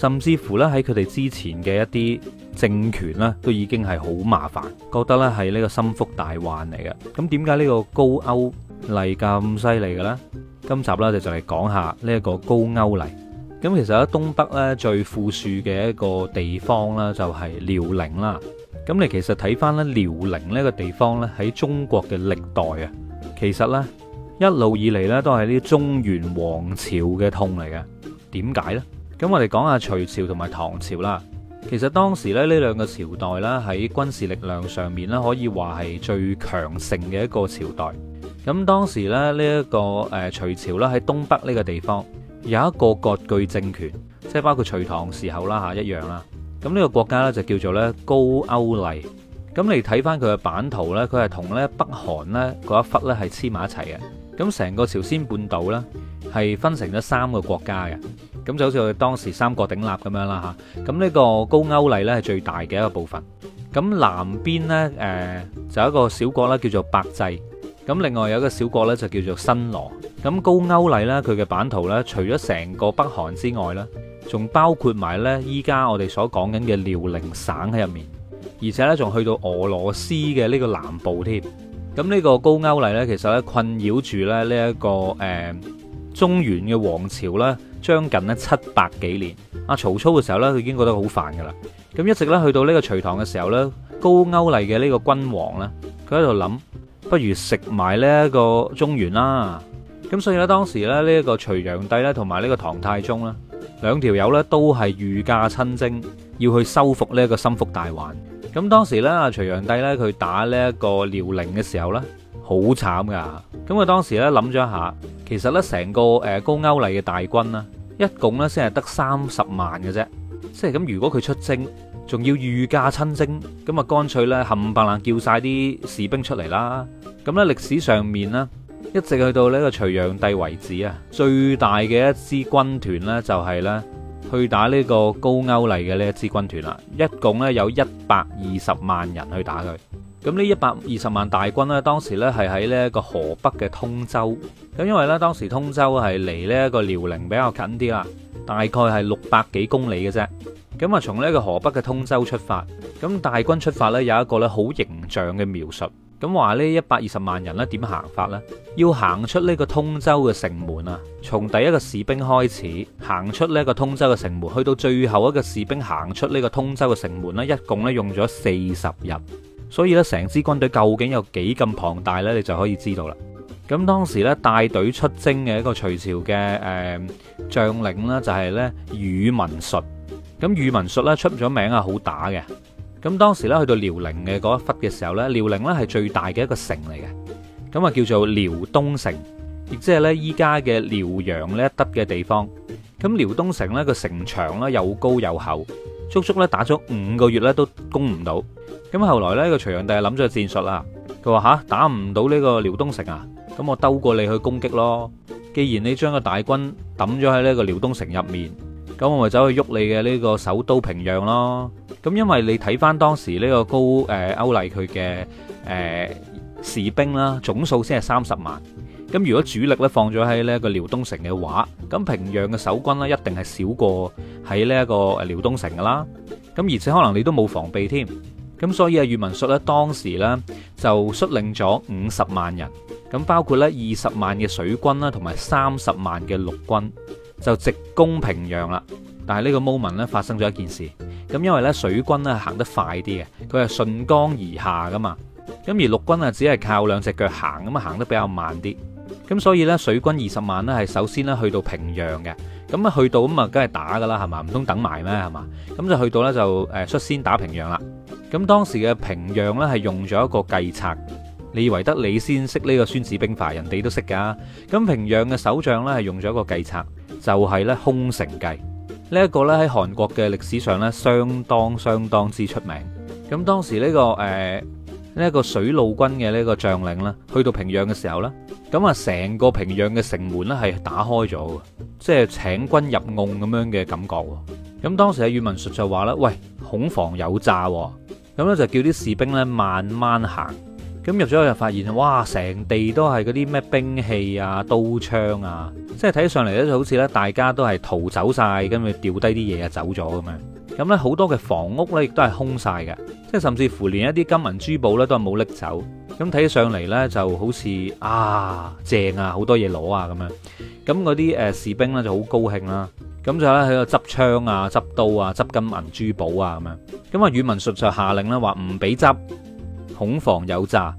甚至乎咧喺佢哋之前嘅一啲政權咧，都已經係好麻煩，覺得咧係呢個心腹大患嚟嘅。咁點解呢個高句麗咁犀利嘅咧？今集咧就就嚟講下呢一個高句麗。咁其實喺東北咧最富庶嘅一個地方咧，就係遼寧啦。咁你其實睇翻，咧遼寧呢個地方咧喺中國嘅歷代啊，其實咧一路以嚟咧都係啲中原王朝嘅痛嚟嘅。點解咧？咁我哋講下隋朝同埋唐朝啦。其實當時咧呢兩個朝代咧喺軍事力量上面咧，可以話係最強盛嘅一個朝代。咁當時咧呢一、這個誒隋、呃、朝啦，喺東北呢個地方有一個割據政權，即係包括隋唐時候啦吓、啊、一樣啦。咁呢個國家咧就叫做咧高句麗。咁你睇翻佢嘅版圖呢，佢係同咧北韓咧嗰一忽咧係黐埋一齊嘅。咁成個朝鮮半島咧係分成咗三個國家嘅。咁就好似佢當時三國鼎立咁樣啦嚇，咁呢個高句麗呢係最大嘅一個部分。咁南邊呢，誒、呃、就有一個小國呢叫做百濟。咁另外有一個小國呢就叫做新羅。咁高句麗呢，佢嘅版圖呢，除咗成個北韓之外呢，仲包括埋呢依家我哋所講緊嘅遼寧省喺入面，而且呢仲去到俄羅斯嘅呢個南部添。咁呢個高句麗呢，其實呢困擾住咧呢一個誒、呃、中原嘅王朝呢。將近咧七百幾年，阿曹操嘅時候咧，佢已經覺得好煩噶啦。咁一直咧去到呢個隋唐嘅時候咧，高句麗嘅呢個君王咧，佢喺度諗，不如食埋呢一個中原啦。咁所以咧當時咧呢一個隋煬帝咧同埋呢個唐太宗啦，兩條友咧都係御駕親征，要去收復呢一個心腹大患。咁當時呢，阿隋煬帝咧佢打呢一個遼寧嘅時候咧，好慘噶。咁佢當時咧諗咗一下，其實咧成個誒高句麗嘅大軍啦。一共咧先係得三十萬嘅啫，即係咁。如果佢出征，仲要御駕親征，咁啊，乾脆呢？冚唪唥叫晒啲士兵出嚟啦。咁呢，歷史上面呢，一直去到呢個隋煬帝為止啊，最大嘅一支軍團呢，就係，就係呢去打呢個高句麗嘅呢一支軍團啦。一共呢，有一百二十萬人去打佢。咁呢一百二十萬大軍咧，當時咧係喺呢一個河北嘅通州。咁因為咧，當時通州係離呢一個遼寧比較近啲啦，大概係六百幾公里嘅啫。咁啊，從呢個河北嘅通州出發，咁大軍出發咧有一個咧好形象嘅描述。咁話呢一百二十萬人咧點行法呢？要行出呢個通州嘅城門啊！從第一個士兵開始行出呢個通州嘅城門，去到最後一個士兵行出呢個通州嘅城門咧，一共咧用咗四十日。所以咧，成支軍隊究竟有幾咁龐大咧？你就可以知道啦。咁當時咧，帶隊出征嘅一個隋朝嘅誒將領咧，就係咧宇文述。咁宇文述咧出咗名係好打嘅。咁當時咧去到遼寧嘅嗰一忽嘅時候咧，遼寧咧係最大嘅一個城嚟嘅。咁啊，叫做遼東城，亦即係咧依家嘅遼陽呢一笪嘅地方。咁遼東城咧，個城牆咧又高又厚。足足咧打咗五個月咧都攻唔到，咁後來咧個隋煬帝諗咗個戰術啦，佢話嚇打唔到呢個遼東城啊，咁我兜過你去攻擊咯。既然你將個大軍揼咗喺呢個遼東城入面，咁我咪走去喐你嘅呢個首都平壤咯。咁因為你睇翻當時呢個高誒句麗佢嘅誒士兵啦，總數先係三十萬。咁如果主力咧放咗喺呢一個遼東城嘅話，咁平壤嘅守軍咧一定係少過喺呢一個誒遼東城噶啦。咁而且可能你都冇防備添。咁所以啊，宇文述咧當時呢就率領咗五十萬人，咁包括呢二十萬嘅水軍啦，同埋三十萬嘅陸軍，就直攻平壤啦。但係呢個 moment 呢，發生咗一件事，咁因為呢水軍咧行得快啲嘅，佢係順江而下噶嘛。咁而陸軍啊只係靠兩隻腳行，咁啊行得比較慢啲。咁所以呢，水軍二十萬呢，係首先呢去到平壤嘅。咁啊，去到咁啊，梗係打噶啦，係嘛，唔通等埋咩，係嘛？咁就去到呢，就誒率先打平壤啦。咁當時嘅平壤呢，係用咗一個計策。你以為得你先識呢個孫子兵法，人哋都識噶、啊。咁平壤嘅首將呢，係用咗一個計策，就係、是、呢空城計。呢、這、一個呢，喺韓國嘅歷史上呢，相當相當之出名。咁當時呢、這個誒。呃呢一個水路軍嘅呢個將領呢，去到平壤嘅時候呢，咁啊成個平壤嘅城門呢係打開咗，即係請君入甕咁樣嘅感覺。咁當時阿宇文述就話啦，喂，恐防有詐喎，咁咧就叫啲士兵呢慢慢行。咁入咗去就發現哇，成地都係嗰啲咩兵器啊、刀槍啊，即係睇上嚟咧就好似咧大家都係逃走晒，跟住掉低啲嘢啊走咗咁樣。咁咧好多嘅房屋咧，亦都係空晒嘅，即係甚至乎連一啲金銀珠寶咧都係冇拎走。咁睇起上嚟咧，就好似啊正啊，好多嘢攞啊咁樣。咁嗰啲誒士兵咧就好高興啦。咁就咧喺度執槍啊、執刀啊、執金銀珠寶啊咁樣。咁啊，宇文述就下令咧話唔俾執，恐防有詐。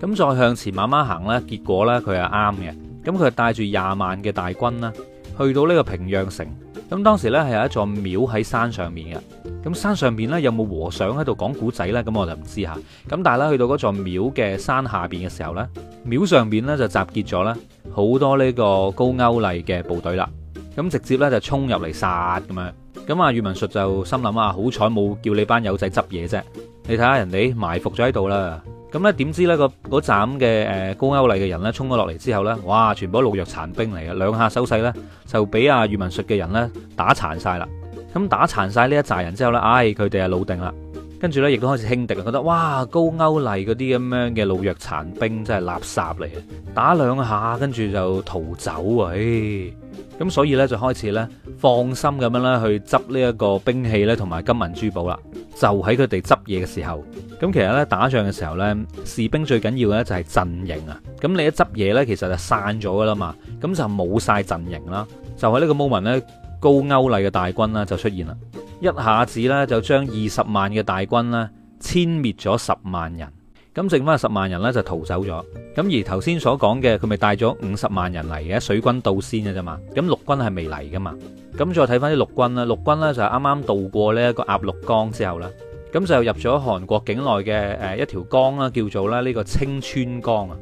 咁再向前慢慢行咧，結果咧佢係啱嘅。咁佢帶住廿萬嘅大軍啦。去到呢個平壤城，咁當時呢係有一座廟喺山上面嘅，咁山上邊呢有冇和尚喺度講古仔呢？咁我就唔知嚇，咁但係咧去到嗰座廟嘅山下邊嘅時候呢，廟上面呢就集結咗咧好多呢個高句麗嘅部隊啦，咁直接呢就衝入嚟殺咁樣，咁啊宇文述就心諗啊，好彩冇叫你班友仔執嘢啫。你睇下人哋埋伏咗喺度啦，咁呢點知呢個嗰站嘅誒高句麗嘅人呢，衝咗落嚟之後呢，哇！全部老弱殘兵嚟啊，兩下手勢呢，就俾阿宇文述嘅人呢打殘晒啦。咁打殘晒呢一紮人之後呢，唉、哎，佢哋就老定啦。跟住呢，亦都開始輕敵，覺得哇，高歐麗高句麗嗰啲咁樣嘅老弱殘兵真係垃圾嚟啊！打兩下，跟住就逃走啊！咁、哎、所以呢，就開始呢，放心咁樣咧去執呢一個兵器呢同埋金銀珠寶啦。就喺佢哋執嘢嘅時候，咁其實呢打仗嘅時候呢，士兵最緊要呢就係陣營啊！咁你一執嘢呢，其實就散咗噶啦嘛，咁就冇晒陣營啦。就喺呢個 moment 呢，高句麗嘅大軍呢就出現啦。一下子咧就將二十萬嘅大軍咧殲滅咗十萬人，咁剩翻十萬人呢就逃走咗。咁而頭先所講嘅佢咪帶咗五十萬人嚟嘅水軍到先嘅啫嘛，咁陸軍係未嚟噶嘛。咁再睇翻啲陸軍啦，陸軍咧就係啱啱渡過呢個鴨綠江之後啦，咁就入咗韓國境內嘅誒一條江啦，叫做咧呢個清川江啊。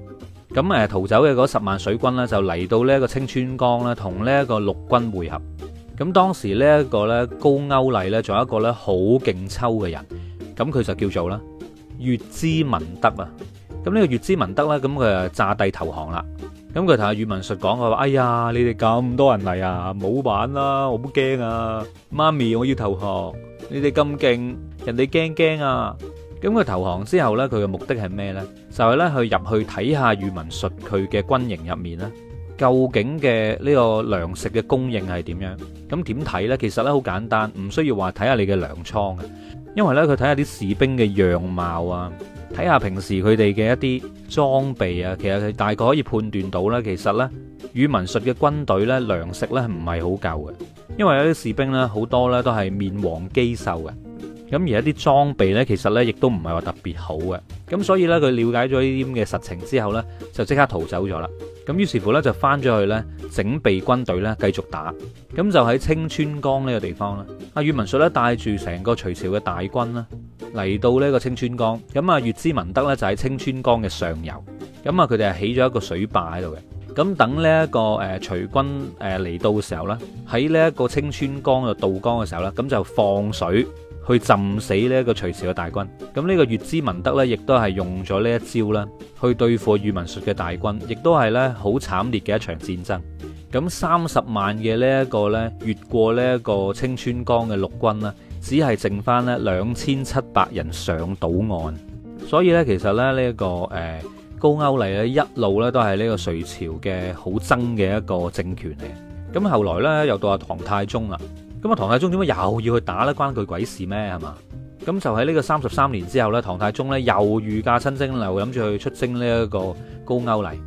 咁誒逃走嘅嗰十萬水軍呢，就嚟到呢一個清川江啦，同呢一個陸軍會合。咁當時呢一個咧高句麗咧，仲有一個咧好勁抽嘅人，咁佢就叫做咧乙支文德啊。咁呢個乙支文德咧，咁佢就詐帝投降啦。咁佢同阿宇文述講，佢話：哎呀，你哋咁多人嚟啊，冇玩啦，我好驚啊！媽咪，我要投降。你哋咁勁，人哋驚驚啊！咁佢投降之後咧，佢嘅目的係咩咧？就係咧去入去睇下宇文述佢嘅軍營入面啦。究竟嘅呢個糧食嘅供應係點樣？咁點睇呢？其實呢，好簡單，唔需要話睇下你嘅糧倉嘅，因為呢，佢睇下啲士兵嘅樣貌啊，睇下平時佢哋嘅一啲裝備啊，其實佢大概可以判斷到呢，其實呢，宇文述嘅軍隊呢，糧食呢，唔係好夠嘅，因為有啲士兵呢，好多呢，都係面黃肌瘦嘅。咁而一啲裝備咧，其實咧亦都唔係話特別好嘅。咁所以咧，佢了解咗呢啲咁嘅實情之後咧，就即刻逃走咗啦。咁於是乎咧，就返咗去咧整備軍隊咧，繼續打。咁就喺青川江呢個地方啦。阿宇文述咧帶住成個隋朝嘅大軍啦，嚟到呢個青川江。咁啊，乙支文德咧就喺青川江嘅上游。咁啊，佢哋係起咗一個水壩喺度嘅。咁等呢一個誒隋軍誒嚟到嘅時候咧，喺呢一個青川江嘅渡江嘅時候咧，咁就放水。去浸死呢一個隋朝嘅大軍，咁呢個乙支文德呢，亦都係用咗呢一招啦，去對付宇文述嘅大軍，亦都係呢好慘烈嘅一場戰爭。咁三十萬嘅呢一個呢，越過呢一個清川江嘅陸軍啦，只係剩翻呢兩千七百人上島岸。所以呢，其實咧呢一、這個誒、呃、高句麗呢，一路呢都係呢個隋朝嘅好憎嘅一個政權嚟。咁後來呢，又到阿唐太宗啦。咁啊，唐太宗點解又要去打呢？關佢鬼事咩？係嘛？咁就喺呢個三十三年之後咧，唐太宗咧又御駕親征，又諗住去出征呢一個高句麗。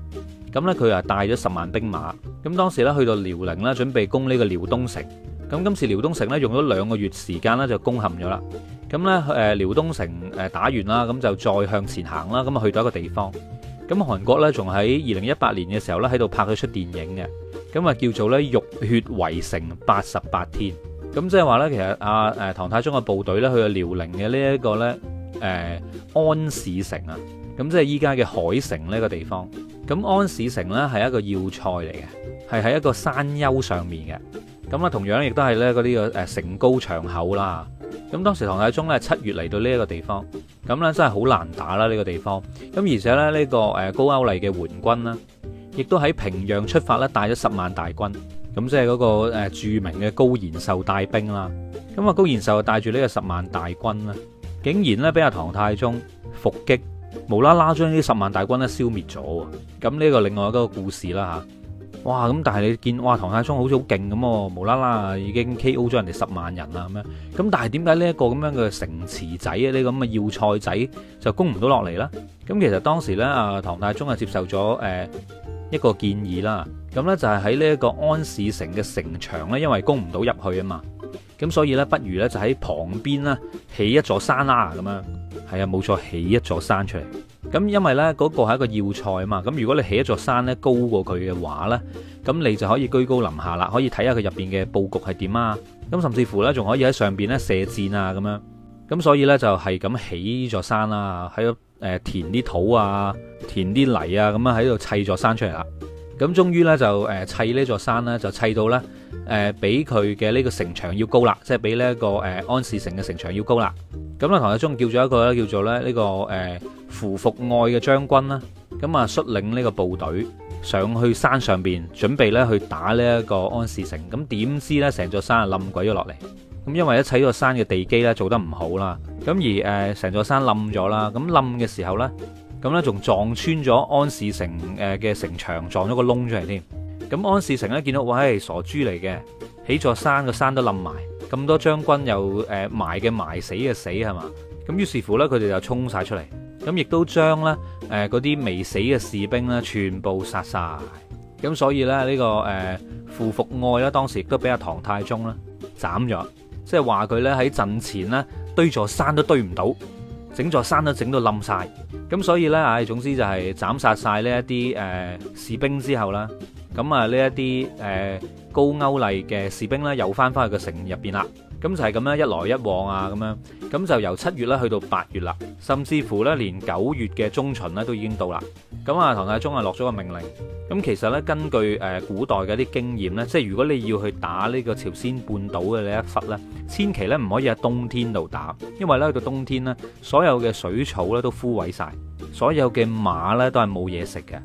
咁呢，佢啊帶咗十萬兵馬。咁當時呢，去到遼寧咧，準備攻呢個遼東城。咁今次遼東城咧用咗兩個月時間呢就攻陷咗啦。咁呢，誒遼東城誒打完啦，咁就再向前行啦。咁啊去到一個地方，咁韓國呢，仲喺二零一八年嘅時候呢，喺度拍咗出電影嘅，咁啊叫做呢「浴血圍城八十八天」。咁即係話呢其實阿誒、啊、唐太宗嘅部隊咧，去到遼寧嘅呢一個咧誒、呃、安市城啊，咁即係依家嘅海城呢個地方。咁、啊、安市城呢係一個要塞嚟嘅，係喺一個山丘上面嘅。咁、啊、啦，同樣亦都係咧啲個誒、啊、城高牆厚啦。咁、啊啊、當時唐太宗咧七月嚟到呢一個地方，咁、啊、呢真係好難打啦、啊、呢、這個地方。咁、啊、而且咧呢、這個誒高句麗嘅援軍咧，亦都喺平壤出發咧帶咗十萬大軍。咁即係嗰個誒、著名嘅高延壽帶兵啦，咁啊高延壽帶住呢個十萬大軍咧，竟然咧俾阿唐太宗伏擊，無啦啦將呢十萬大軍咧消滅咗。咁呢個另外一個故事啦吓，哇！咁但係你見哇，唐太宗好似好勁咁，無啦啦啊已經 K.O. 咗人哋十萬人啊咁樣。咁但係點解呢一個咁樣嘅城池仔啊，呢咁嘅要塞仔就攻唔到落嚟咧？咁其實當時咧啊，唐太宗啊接受咗誒一個建議啦。咁咧就係喺呢一個安市城嘅城牆咧，因為攻唔到入去啊嘛，咁所以咧不如咧就喺旁邊咧起一座山啦、啊、咁樣。係啊，冇錯，起一座山出嚟。咁因為咧嗰、那個係一個要塞啊嘛，咁如果你起一座山咧高過佢嘅話咧，咁你就可以居高臨下啦，可以睇下佢入邊嘅佈局係點啊。咁甚至乎咧仲可以喺上邊咧射箭啊咁樣。咁所以咧就係咁起呢座山啦、啊，喺度誒填啲土啊，填啲泥啊，咁、啊、樣喺度砌座山出嚟啦。咁終於咧就誒砌呢座山咧，就砌到咧誒、呃、比佢嘅呢個城牆要高啦，即係比呢一個誒安市城嘅城牆要高啦。咁啊，唐太宗叫咗一個咧叫做咧、這、呢個誒、呃、傅伏愛嘅將軍啦，咁、嗯、啊率領呢個部隊上去山上邊，準備咧去打呢一個安市城。咁、嗯、點知咧成座山冧鬼咗落嚟，咁因為一砌呢座山嘅地基咧做得唔好啦，咁而誒成、呃、座山冧咗啦，咁冧嘅時候咧。咁咧，仲撞穿咗安士城誒嘅城牆，撞咗個窿出嚟添。咁安士城咧，見到哇，係傻豬嚟嘅，起座山個山都冧埋，咁多將軍又誒、呃、埋嘅埋，埋死嘅死係嘛？咁於是乎咧，佢哋就衝晒出嚟，咁亦都將咧誒嗰啲未死嘅士兵咧，全部殺晒。咁所以咧、這個，呢個誒傅伏愛咧，當時亦都俾阿唐太宗咧斬咗，即係話佢咧喺陣前咧堆座山都堆唔到。整座山都整到冧晒，咁所以呢，唉，總之就係斬殺晒呢一啲誒士兵之後啦，咁啊呢一啲誒高句麗嘅士兵呢，又翻翻去個城入邊啦。咁就係咁樣，一來一往啊，咁樣咁就由七月咧去到八月啦，甚至乎咧連九月嘅中旬咧都已經到啦。咁啊，唐太宗啊落咗個命令。咁其實呢，根據誒古代嘅啲經驗呢，即係如果你要去打呢個朝鮮半島嘅呢一忽呢，千祈呢唔可以喺冬天度打，因為呢去到冬天呢，所有嘅水草呢都枯萎晒，所有嘅馬呢都係冇嘢食嘅，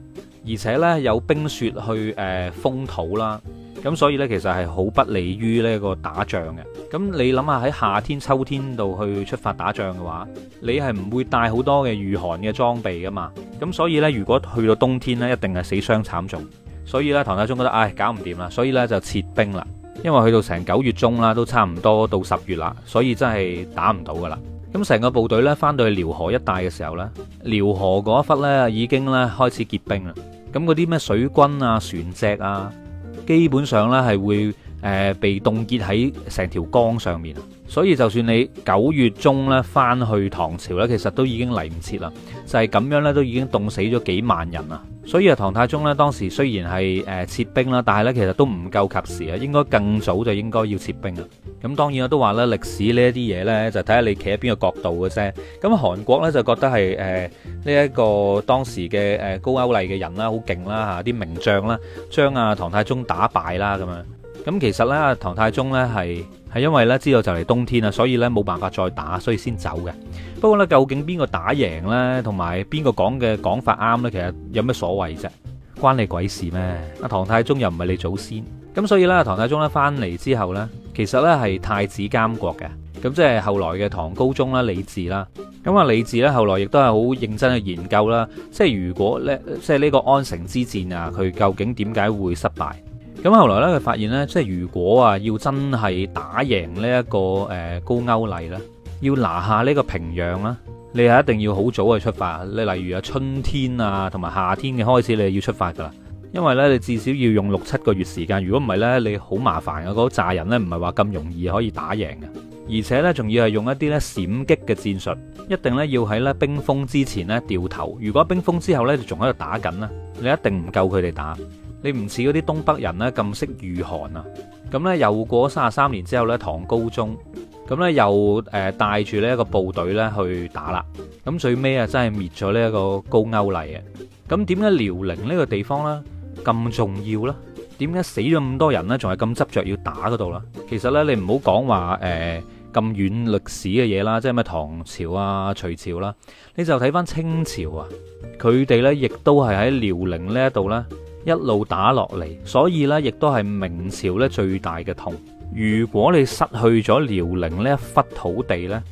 而且呢有冰雪去誒、呃、封土啦。咁所以呢，其實係好不利於呢個打仗嘅。咁你諗下喺夏天、秋天度去出發打仗嘅話，你係唔會帶好多嘅御寒嘅裝備噶嘛。咁所以呢，如果去到冬天呢，一定係死傷慘重。所以咧，唐太宗覺得唉，搞唔掂啦，所以呢，就撤兵啦。因為去到成九月中啦，都差唔多到十月啦，所以真係打唔到噶啦。咁成個部隊呢，翻到去遼河一帶嘅時候呢，遼河嗰一忽呢已經呢開始結冰啦。咁嗰啲咩水軍啊、船隻啊～基本上咧係會誒被凍結喺成條江上面，所以就算你九月中咧返去唐朝咧，其實都已經嚟唔切啦，就係咁樣咧都已經凍死咗幾萬人啦。所以啊，唐太宗咧，當時雖然係誒撤兵啦，但係咧其實都唔夠及時啊，應該更早就應該要撤兵啦。咁當然我都話咧，歷史呢一啲嘢咧，就睇下你企喺邊個角度嘅啫。咁韓國咧就覺得係誒呢一個當時嘅誒高歐麗嘅人啦，好勁啦嚇，啲名將啦，將啊唐太宗打敗啦咁樣。咁其實咧，唐太宗咧係。係因為咧知道就嚟冬天啦，所以咧冇辦法再打，所以先走嘅。不過咧，究竟邊個打贏咧，同埋邊個講嘅講法啱咧，其實有咩所謂啫？關你鬼事咩？阿唐太宗又唔係你祖先，咁所以咧，唐太宗咧翻嚟之後咧，其實咧係太子監國嘅。咁即係後來嘅唐高宗啦、李治啦。咁啊，李治咧後來亦都係好認真去研究啦。即係如果咧，即係呢個安城之戰啊，佢究竟點解會失敗？咁後來咧，佢發現呢，即係如果啊，要真係打贏呢一個誒高句麗咧，要拿下呢個平壤啦，你係一定要好早去出發。你例如啊春天啊，同埋夏天嘅開始，你係要出發噶啦。因為呢，你至少要用六七個月時間。如果唔係呢，你好麻煩嘅，嗰炸人呢，唔係話咁容易可以打贏嘅。而且呢，仲要係用一啲咧閃擊嘅戰術，一定呢要喺咧冰封之前咧掉頭。如果冰封之後呢，仲喺度打緊咧，你一定唔夠佢哋打。你唔似嗰啲東北人呢，咁識御寒啊！咁呢，又過三十三年之後呢，唐高宗咁呢，又誒帶住呢一個部隊呢去打啦。咁最尾啊真係滅咗呢一個高句麗啊！咁點解遼寧呢個地方呢咁重要呢？點解死咗咁多人呢？仲係咁執着要打嗰度咧？其實呢，你唔好講話誒咁遠歷史嘅嘢啦，即係咩唐朝啊、隋朝啦、啊，你就睇返清朝啊，佢哋呢亦都係喺遼寧呢一度呢。一路打落嚟，所以呢亦都係明朝咧最大嘅痛。如果你失去咗遼寧呢一忽土地呢，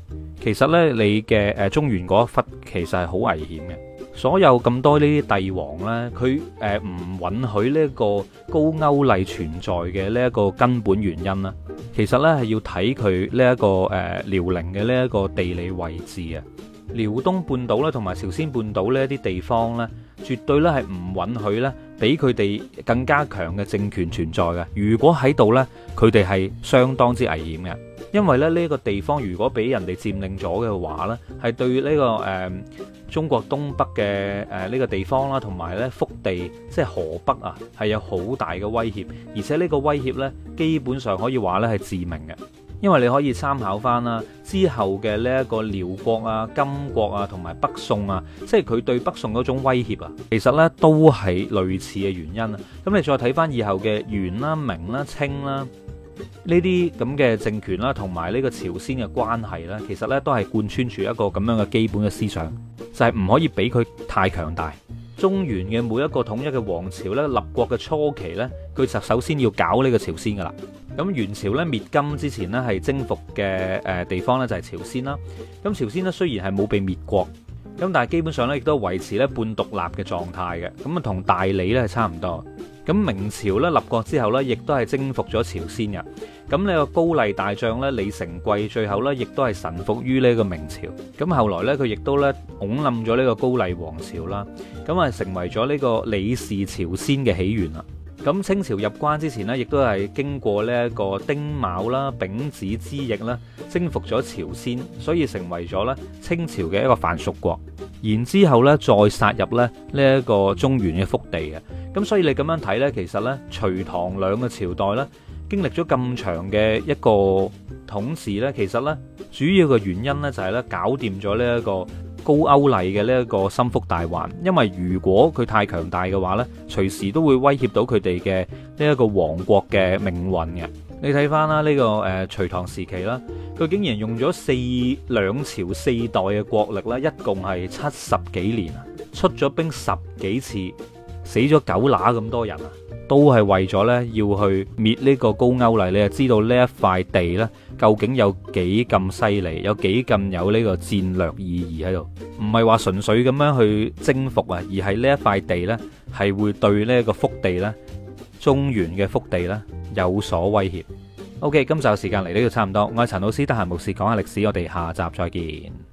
其實呢你嘅誒、呃、中原嗰一忽其實係好危險嘅。所有咁多呢啲帝王呢，佢誒唔允許呢一個高句麗存在嘅呢一個根本原因啦。其實呢，係要睇佢呢一個誒遼寧嘅呢一個地理位置啊，遼東半島啦同埋朝鮮半島呢啲地方呢。絕對咧係唔允許咧，俾佢哋更加強嘅政權存在嘅。如果喺度呢，佢哋係相當之危險嘅，因為咧呢個地方如果俾人哋佔領咗嘅話呢，係對呢個誒中國東北嘅誒呢個地方啦，同埋呢腹地，即係河北啊，係有好大嘅威脅，而且呢個威脅呢，基本上可以話咧係致命嘅。因為你可以參考翻啦，之後嘅呢一個遼國啊、金國啊、同埋北宋啊，即係佢對北宋嗰種威脅啊，其實咧都係類似嘅原因。咁你再睇翻以後嘅元啦、啊、明啦、啊、清啦呢啲咁嘅政權啦、啊，同埋呢個朝鮮嘅關係咧，其實咧都係貫穿住一個咁樣嘅基本嘅思想，就係、是、唔可以俾佢太強大。中原嘅每一個統一嘅王朝咧，立國嘅初期咧，佢就首先要搞呢個朝鮮噶啦。咁元朝咧滅金之前咧，係征服嘅誒地方咧，就係朝鮮啦。咁朝鮮咧雖然係冇被滅國，咁但係基本上咧亦都維持咧半獨立嘅狀態嘅。咁啊，同大理咧係差唔多。咁明朝咧立國之後咧，亦都係征服咗朝鮮嘅。咁呢個高麗大將咧李成桂，最後咧亦都係臣服於呢個明朝。咁後來咧佢亦都咧拱冧咗呢個高麗王朝啦。咁啊成為咗呢個李氏朝鮮嘅起源啦。咁清朝入關之前咧，亦都係經過呢一個丁卯啦、丙子之役啦，征服咗朝鮮，所以成為咗咧清朝嘅一個藩屬國。然之後咧，再殺入咧呢一個中原嘅腹地嘅，咁所以你咁樣睇咧，其實咧隋唐兩個朝代咧經歷咗咁長嘅一個統治咧，其實咧主要嘅原因咧就係咧搞掂咗呢一個高句麗嘅呢一個心腹大患，因為如果佢太強大嘅話咧，隨時都會威脅到佢哋嘅呢一個王國嘅命運嘅。你睇翻啦，呢個誒隋唐時期啦，佢竟然用咗四兩朝四代嘅國力啦，一共係七十幾年啊，出咗兵十幾次，死咗九乸咁多人啊，都係為咗呢要去滅呢個高句麗。你又知道呢一塊地呢，究竟有幾咁犀利，有幾咁有呢個戰略意義喺度，唔係話純粹咁樣去征服啊，而係呢一塊地呢，係會對呢一個腹地呢。中原嘅腹地咧有所威脅。OK 今集嘅時間嚟到呢度差唔多，我係陳老師，得閒無事講下歷史，我哋下集再見。